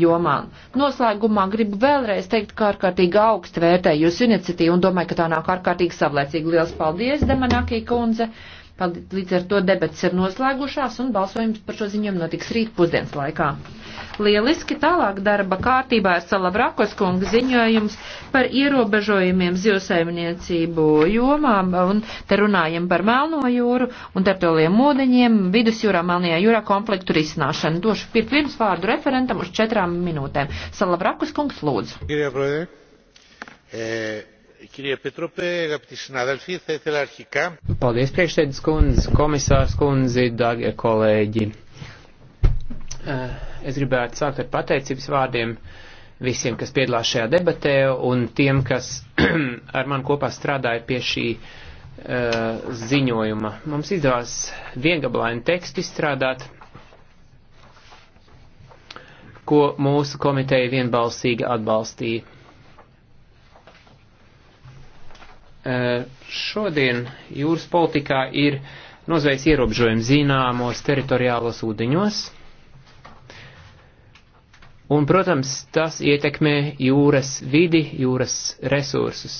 jomā. Noslēgumā gribu vēlreiz teikt, ka ārkārtīgi augstu vērtēju jūsu iniciatīvu un domāju, ka tā nāk ārkārtīgi savlaicīgi. Liels paldies, Demanakī kundze! Līdz ar to debats ir noslēgušās un balsojums par šo ziņojumu notiks rīt pusdienas laikā. Lieliski tālāk darba kārtībā ir Salavrakos kunga ziņojums par ierobežojumiem zivsaimniecību jomām, un te runājam par Melno jūru un tertoliem ūdeņiem, vidusjūrā, Melnajā jūrā konfliktu risināšanu. Došu pirms vārdu referentam uz četrām minūtēm. Salavrakos kungs lūdzu. Kirjā, Paldies, priekšsēdus kundze, komisārs kundzi, dārgie kolēģi. Eh, es gribētu sākt ar pateicības vārdiem visiem, kas piedalās šajā debatē un tiem, kas ar man kopā strādāja pie šī uh, ziņojuma. Mums izdevās viengablainu tekstu izstrādāt, ko mūsu komiteja vienbalsīgi atbalstīja Eh, šodien jūras politikā ir nozveic ierobežojumi zināmos teritoriālos ūdeņos. Un, protams, tas ietekmē jūras vidi, jūras resursus.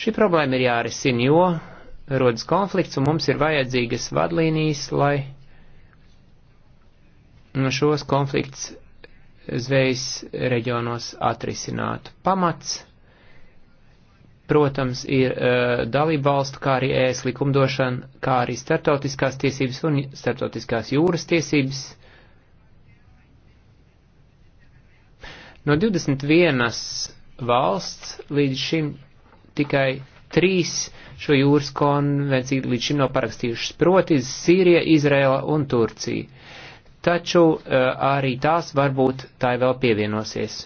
Šī problēma ir jārisina, jo rodas konflikts un mums ir vajadzīgas vadlīnijas, lai no šos konflikts zvejas reģionos atrisinātu. Pamats protams, ir uh, dalība valstu, kā arī ēs e likumdošana, kā arī startautiskās tiesības un startautiskās jūras tiesības. No 21 valsts līdz šim tikai trīs šo jūras konvenciju līdz šim nav parakstījušas, proti Sīrija, Izraela un Turcija. Taču uh, arī tās varbūt tā vēl pievienosies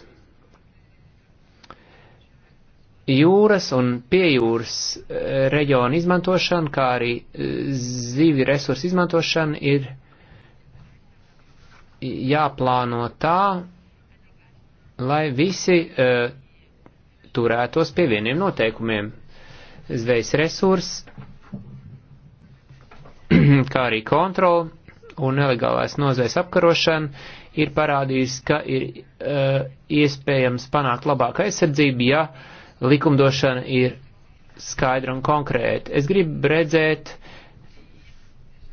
jūras un piejūras e, reģionu izmantošana, kā arī e, zīvi resursu izmantošana ir jāplāno tā, lai visi uh, turētos pie vieniem noteikumiem. Zvejas resurs, kā arī kontrola un nelegālais nozvejas apkarošana ir parādījis, ka ir uh, iespējams panākt labāku aizsardzību, ja uh, likumdošana ir skaidra un konkrēta. Es gribu redzēt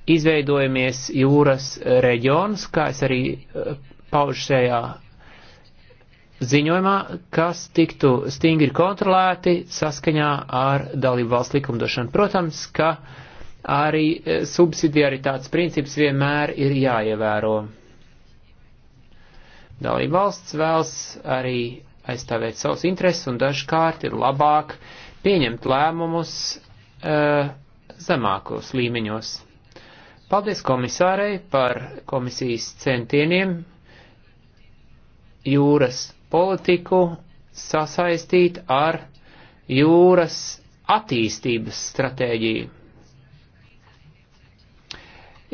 izveidojamies jūras reģionus, kā es arī eh, paužu šajā ziņojumā, kas tiktu stingri kontrolēti saskaņā ar dalību valsts likumdošanu. Protams, ka arī eh, subsidiaritātes princips vienmēr ir jāievēro. Dalību valsts vēlas arī aizstāvēt savus intereses un dažkārt ir labāk pieņemt lēmumus uh, zemākos līmeņos. Paldies komisārei par komisijas centieniem jūras politiku sasaistīt ar jūras attīstības stratēģiju.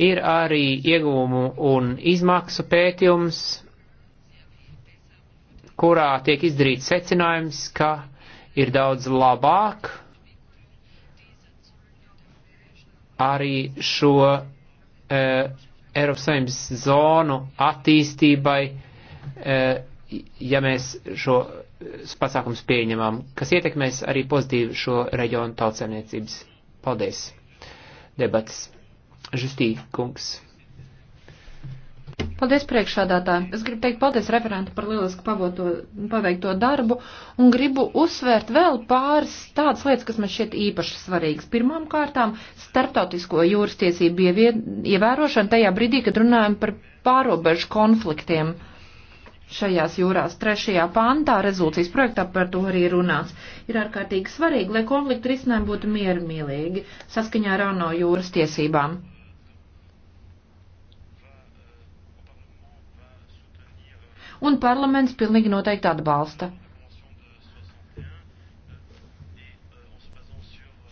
Ir arī iegūmu un izmaksu pētījums kurā tiek izdarīts secinājums, ka ir daudz labāk arī šo uh, Eiropas Savienības zonu attīstībai, uh, ja mēs šo pasākums pieņemam, kas ietekmēs arī pozitīvi šo reģionu tautsēmniecības. Paldies! Debats. Justī, kungs. Paldies priekšādātāji. Es gribu teikt paldies referentu par lielisku pavoto, paveikto darbu un gribu uzsvērt vēl pāris tādas lietas, kas man šķiet īpaši svarīgas. Pirmām kārtām starptautisko jūras tiesību ievērošana tajā brīdī, kad runājam par pārobežu konfliktiem šajās jūrās. Trešajā pantā rezolūcijas projektā par to arī runāts. Ir ārkārtīgi svarīgi, lai konfliktu risinājumi būtu miermīlīgi saskaņā ar ANO jūras tiesībām. un parlaments pilnīgi noteikti atbalsta.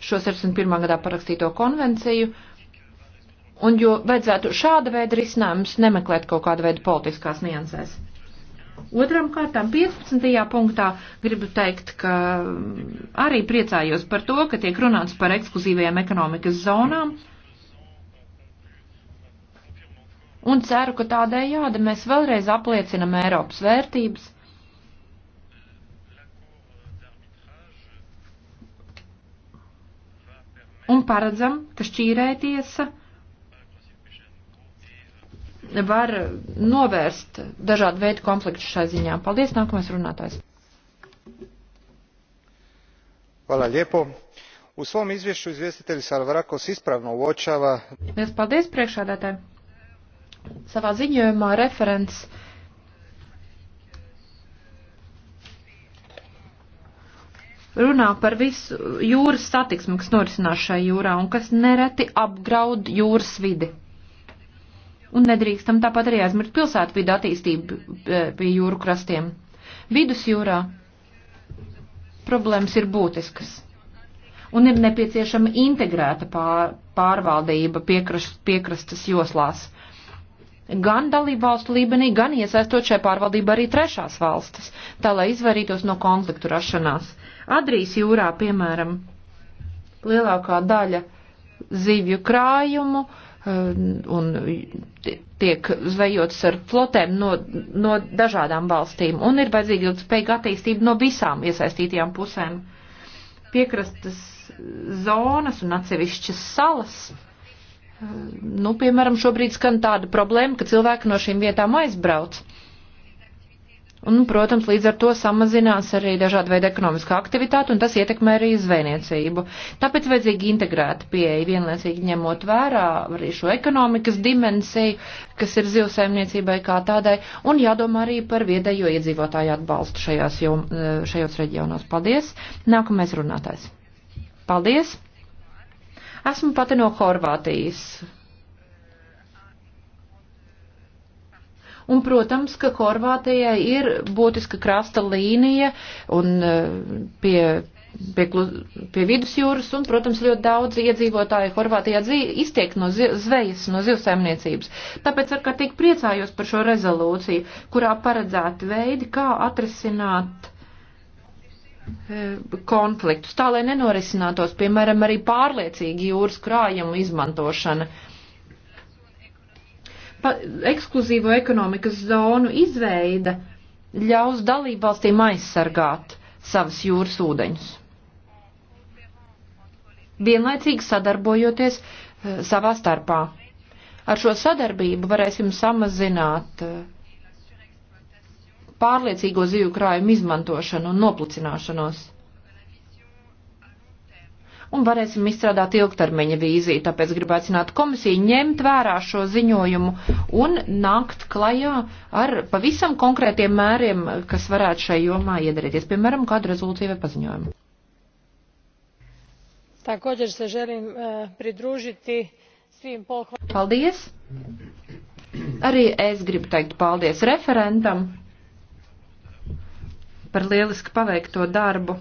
Šo 61. gadā parakstīto konvenciju, un jo vajadzētu šāda veida risinājumus nemeklēt kaut kāda veida politiskās niansēs. Otram kārtām 15. punktā gribu teikt, ka arī priecājos par to, ka tiek runāts par ekskluzīvajām ekonomikas zonām. Mm un ceru, ka tādējādi mēs vēlreiz apliecinam Eiropas vērtības. Un paredzam, ka šķīrētiesa var novērst dažādu veidu konfliktu šai ziņā. Paldies, nākamais runātājs. Hvala lijepo. U svom izvješću izvjestitelj Salvarakos ispravno uočava... Paldies, priekšādātāji savā ziņojumā referents runā par visu jūras satiksmi, kas norisinās šajā jūrā un kas nereti apgraud jūras vidi. Un nedrīkstam tāpat arī aizmirst pilsētu vidu attīstību eh, pie jūru krastiem. Vidusjūrā problēmas ir būtiskas. Un ir nepieciešama integrēta pār, pārvaldība piekrast, piekrastas joslās. Uh, gan dalībvalstu līmenī, gan iesaistot šai pārvaldībā arī trešās valstis, tā lai izvairītos no konfliktu rašanās. Adrijas jūrā, piemēram, lielākā daļa zivju krājumu eh, un tiek zvejots ar flotēm no, no dažādām valstīm, un ir vajadzīga ilgspējīga attīstība no visām iesaistītajām pusēm. Piekrastas zonas un atsevišķas salas Nu, piemēram, šobrīd skan tāda problēma, ka cilvēki no šīm vietām aizbrauc. Un, protams, līdz ar to samazinās arī dažāda veida ekonomiskā aktivitāte, un tas ietekmē arī zvejniecību. Tāpēc vajadzīga integrēta pieeja, vienlaicīgi ņemot vērā arī šo ekonomikas dimensiju, kas ir zivsaimniecībai kā tādai, un jādomā arī par viedējo iedzīvotāju atbalstu šajās jom, šajos reģionos. Paldies! Nākamais runātājs. Paldies! Esmu pati no Horvātijas. Un, protams, ka Horvātijai ir būtiska krasta līnija un eh, pie, pie, pie vidusjūras, un, protams, ļoti daudz iedzīvotāji Horvātijā dzī, iztiek no zi, zvejas, no zivsaimniecības. Tāpēc ar kā tik priecājos par šo rezolūciju, kurā paredzēti veidi, kā atrisināt Eh, konfliktus, tā lai nenorisinātos, piemēram, arī pārliecīgi jūras krājumu izmantošana. Pa, ekskluzīvo ekonomikas zonu izveida ļaus dalībvalstīm aizsargāt savas jūras ūdeņus. Vienlaicīgi sadarbojoties eh, savā starpā. Ar šo sadarbību varēsim samazināt uh, pārliecīgo zivju krājumu izmantošanu un noplicināšanos. Un varēsim izstrādāt ilgtermiņa vīziju, tāpēc gribu aicināt komisiju ņemt vērā šo ziņojumu un nākt klajā ar pavisam konkrētiem mēriem, kas varētu šai jomā iedarīties, piemēram, kādu rezolūciju vai paziņojumu. Također se želim uh, pridružiti svim pohvalama. Paldies! Arī es gribu teikt paldies referentam par lieliski paveikto darbu.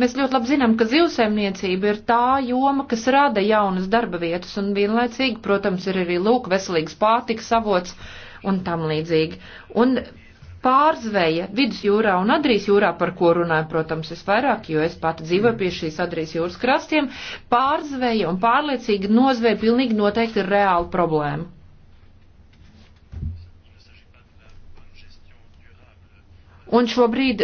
Mēs ļoti labi zinām, ka zivsēmniecība ir tā joma, kas rada jaunas darba vietas un vienlaicīgi, protams, ir arī lūk veselīgs pārtiks avots un tam līdzīgi. Un pārzveja vidusjūrā un Adrijas jūrā, par ko runāju, protams, visvairāk, jo es pati dzīvoju pie šīs Adrijas jūras krastiem, pārzveja un pārliecīga nozveja pilnīgi noteikti ir reāla problēma. un šobrīd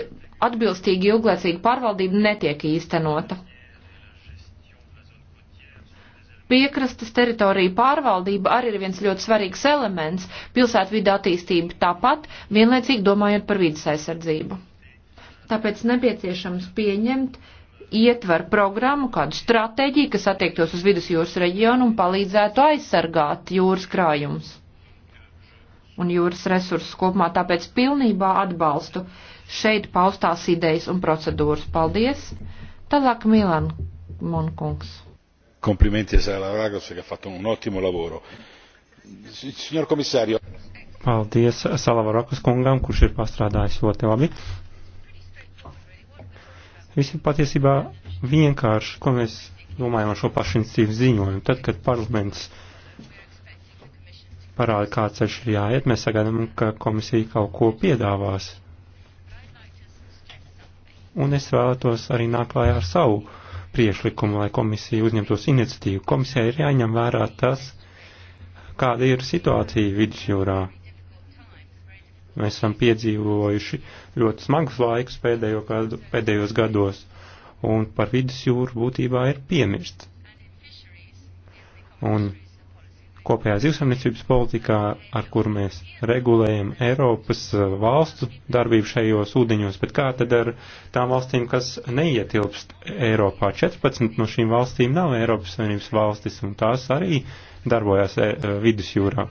atbilstīgi ilglaicīga pārvaldība netiek īstenota. Piekrastes teritorija pārvaldība arī ir viens ļoti svarīgs elements pilsētvidu attīstība tāpat, vienlaicīgi domājot par vidas aizsardzību. Tāpēc nepieciešams pieņemt ietver programmu, kādu stratēģiju, kas attiektos uz vidus jūras reģionu un palīdzētu aizsargāt jūras krājumus un jūras resursus kopumā, tāpēc pilnībā atbalstu šeit paustās idejas un procedūras. Paldies! Tālāk Milan Monkungs. Komplimenti alla Ragos, che ha fatto un ottimo lavoro. Signor Commissario. Paldies Salavarakas kungam, kurš ir pastrādājis ļoti labi. Viss ir patiesībā vienkārši, ko mēs domājam ar šo pašinstīvu ziņojumu. Tad, kad parlaments uh, parāda, kā ceļš ir jāiet. Mēs sagaidām, ka komisija kaut ko piedāvās. Un es vēlētos arī nākt klājā ar savu priešlikumu, lai komisija uzņemtos iniciatīvu. Komisijai ir jāņem vērā tas, kāda ir situācija vidusjūrā. Mēs esam piedzīvojuši ļoti smagus laikus pēdējo gadu, pēdējos gados, un par vidusjūru būtībā ir piemirst. Un kopējā zivsaimniecības politikā, ar kur mēs regulējam Eiropas eh, valstu darbību šajos ūdeņos, bet kā tad ar tām valstīm, kas neietilpst Eiropā? 14 no šīm valstīm nav Eiropas Savienības valstis, un tās arī darbojas eh, vidusjūrā.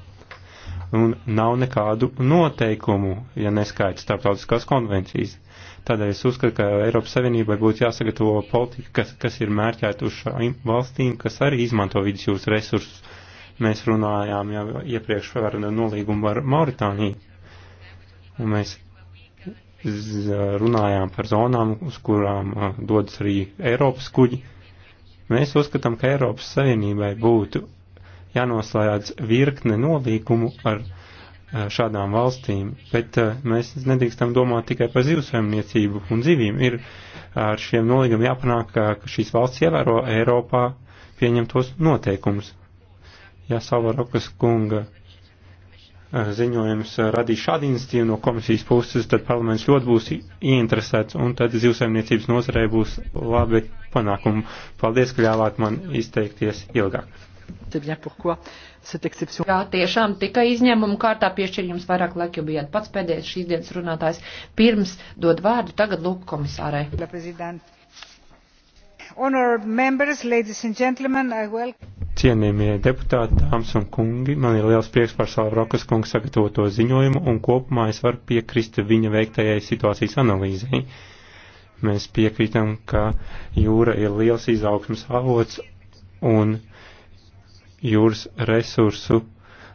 Un nav nekādu noteikumu, ja neskaita starptautiskās konvencijas. Tādēļ es uzskatu, ka Eiropas Savienībai būtu jāsagatavo politika, kas, kas ir mērķēta uz šīm valstīm, kas arī izmanto vidusjūras resursus Mēs runājām jau iepriekš par nolīgumu ar Mauritāniju, un mēs runājām par zonām, uz kurām uh, dodas arī Eiropas kuģi. Mēs uzskatām, ka Eiropas Savienībai būtu jānoslēdz virkne nolīgumu ar uh, šādām valstīm, bet uh, mēs nedrīkstam domāt tikai par zivsvēmniecību un zivīm. Ir ar šiem nolīgumiem jāpanāk, ka šīs valsts ievēro Eiropā pieņemtos noteikumus. Ja Salvarokas kunga eh, ziņojums eh, radīs šādu iniciatīvu no komisijas puses, tad parlaments ļoti būs ieinteresēts un tad zivsaimniecības nozarei būs labi panākumi. Paldies, ka ļāvāt man izteikties ilgāk. Jā, tiešām tikai izņēmumu kārtā piešķir jums vairāk laika, jo bijāt pats pēdējais šīs dienas runātājs. Pirms dod vārdu tagad lūk komisārai. Honourable members, ladies and gentlemen, I welcome. Cienījamie deputāti, dāmas un kungi, man ir liels prieks par savu Rokas kungu sagatavoto ziņojumu un kopumā es varu piekrist viņa veiktajai situācijas analīzei. Mēs piekrītam, ka jūra ir liels izaugsmas avots un jūras resursu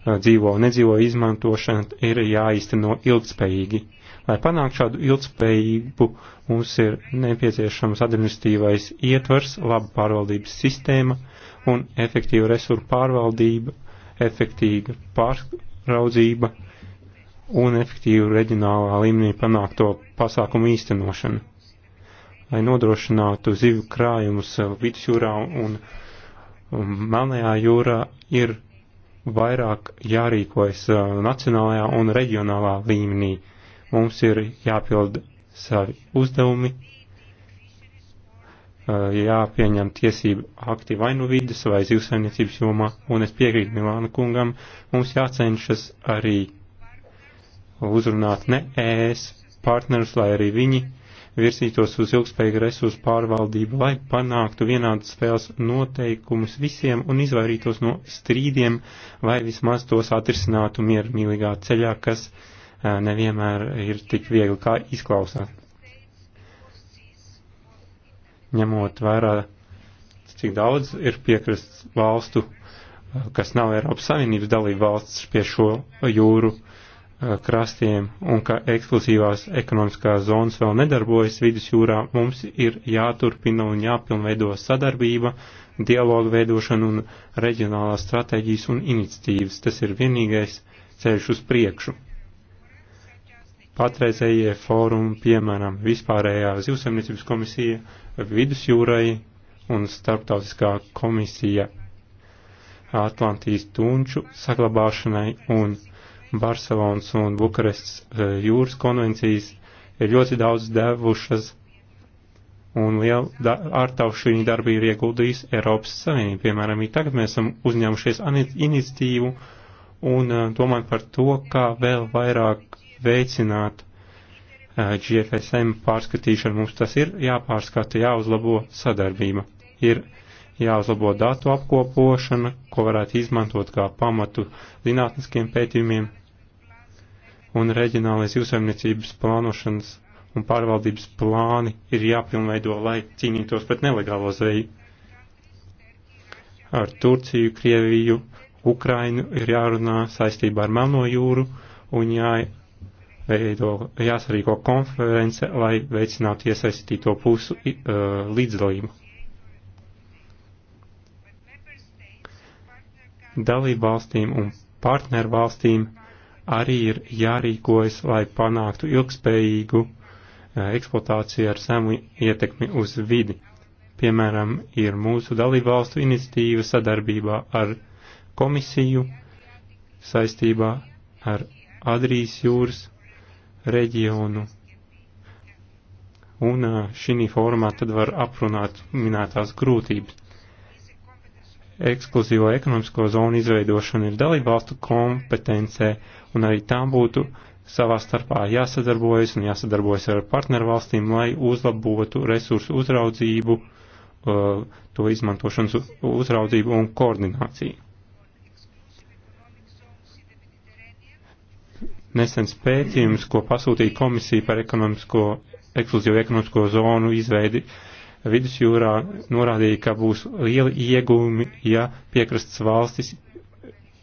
dzīvo un nedzīvo izmantošana ir jāīsteno ilgspējīgi. Lai panāktu šādu ilgspējību, mums ir nepieciešams administratīvais ietvers, laba pārvaldības sistēma, uh, un efektīva resursu pārvaldība, efektīva pārraudzība un efektīva reģionālā līmenī panākto pasākumu īstenošana. Lai nodrošinātu zivju krājumus eh, vidusjūrā un Melnajā jūrā, ir vairāk jārīkojas eh, nacionālajā un reģionālā līmenī. Mums ir jāpild savi uzdevumi jāpieņem tiesību akti vai nu vidas vai zivsaimniecības jomā, un es piekrītu Milāna kungam, mums jācenšas arī uzrunāt ne ēs partnerus, lai arī viņi virsītos uz ilgspējīgu resursu pārvaldību, lai panāktu vienādas spēles noteikumus visiem un izvairītos no strīdiem, vai vismaz tos atrisinātu miermīlīgā ceļā, kas nevienmēr ir tik viegli, kā izklausās ņemot vērā, cik daudz ir piekrasts valstu, kas nav Eiropas Savienības dalība valsts pie šo jūru eh, krastiem un ka ekskluzīvās ekonomiskās zonas vēl nedarbojas vidus jūrā, mums ir jāturpina un jāpilnveido sadarbība, dialogu veidošana un reģionālās stratēģijas un iniciatīvas. Tas ir vienīgais ceļš uz priekšu patreizējie fórumi, piemēram, vispārējā zivsaimniecības komisija, vidusjūrai un starptautiskā komisija Atlantijas tunču saglabāšanai un Barcelonas un Bukarestas e, jūras konvencijas ir ļoti daudz devušas un lielu da ārtavu šī darbība ir ieguldījis Eiropas Savienība. Piemēram, tagad mēs esam uzņēmušies iniciatīvu un e, domājam par to, kā vēl vairāk veicināt GFSM pārskatīšanu. Mums tas ir jāpārskata, jāuzlabo sadarbība. Ir jāuzlabo datu apkopošana, ko varētu izmantot kā pamatu zinātniskiem pētījumiem un reģionālais jūsaimniecības plānošanas un pārvaldības plāni ir jāpilnveido, lai cīnītos pret nelegālo zveju. Ar Turciju, Krieviju, Ukrainu ir jārunā saistībā ar Melno jūru un jā veido, jāsarīko konference, lai veicinātu iesaistīto pusu uh, līdzdalību. Dalību valstīm un partneru valstīm arī ir jārīkojas, lai panāktu ilgspējīgu e, eksploatāciju ar zemu ietekmi uz vidi. Piemēram, ir mūsu dalību valstu iniciatīva sadarbībā ar komisiju saistībā ar Adrijas jūras reģionu. Un šī formā tad var aprunāt minētās grūtības. Ekskluzīvo ekonomisko zonu izveidošana ir dalībvalstu kompetencē, un arī tām būtu savā starpā jāsadarbojas un jāsadarbojas ar partnervalstīm, lai uzlabotu resursu uzraudzību, to izmantošanas uzraudzību un koordināciju. Nesens pētījums, ko pasūtīja komisija par ekonomisko, ekskluzīvu ekonomisko zonu izveidi vidusjūrā, norādīja, ka būs lieli iegūmi, ja piekrastas valstis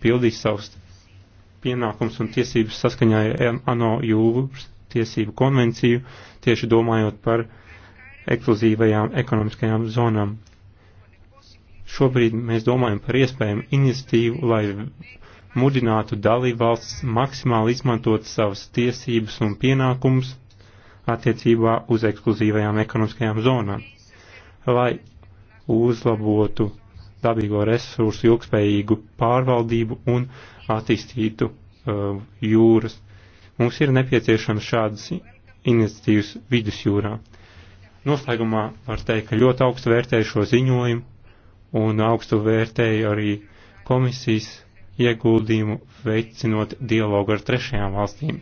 pildīs savus pienākums un tiesības saskaņā ar ANO jūras tiesību konvenciju, tieši domājot par ekskluzīvajām ekonomiskajām zonām. Šobrīd mēs domājam par iespējumu iniciatīvu, lai mudinātu dalībvalsts maksimāli izmantot savas tiesības un pienākumus attiecībā uz ekskluzīvajām ekonomiskajām zonām, lai uzlabotu dabīgo resursu ilgspējīgu pārvaldību un attīstītu uh, jūras. Mums ir nepieciešams šādas iniciatīvas vidusjūrā. Noslēgumā var teikt, ka ļoti augstu vērtēju šo ziņojumu un augstu vērtēju arī komisijas ieguldījumu veicinot dialogu ar trešajām valstīm.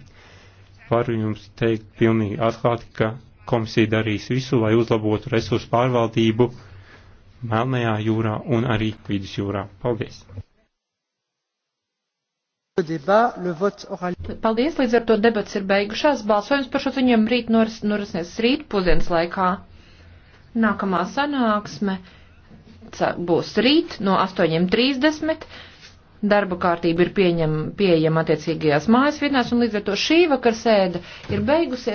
Varu jums teikt pilnīgi atklāti, ka komisija darīs visu, lai uzlabotu resursu pārvaldību Melnajā jūrā un arī Vidus jūrā. Paldies! Paldies, līdz ar to debats ir beigušās. Balsojums par šo ziņojumu rīt noris, norisnies rīt pusdienas laikā. Nākamā sanāksme būs rīt no 8.30 Darba kārtība ir pieņem, pieejama attiecīgajās mājas vietnēs, un līdz ar to šī vakar sēde ir beigusies.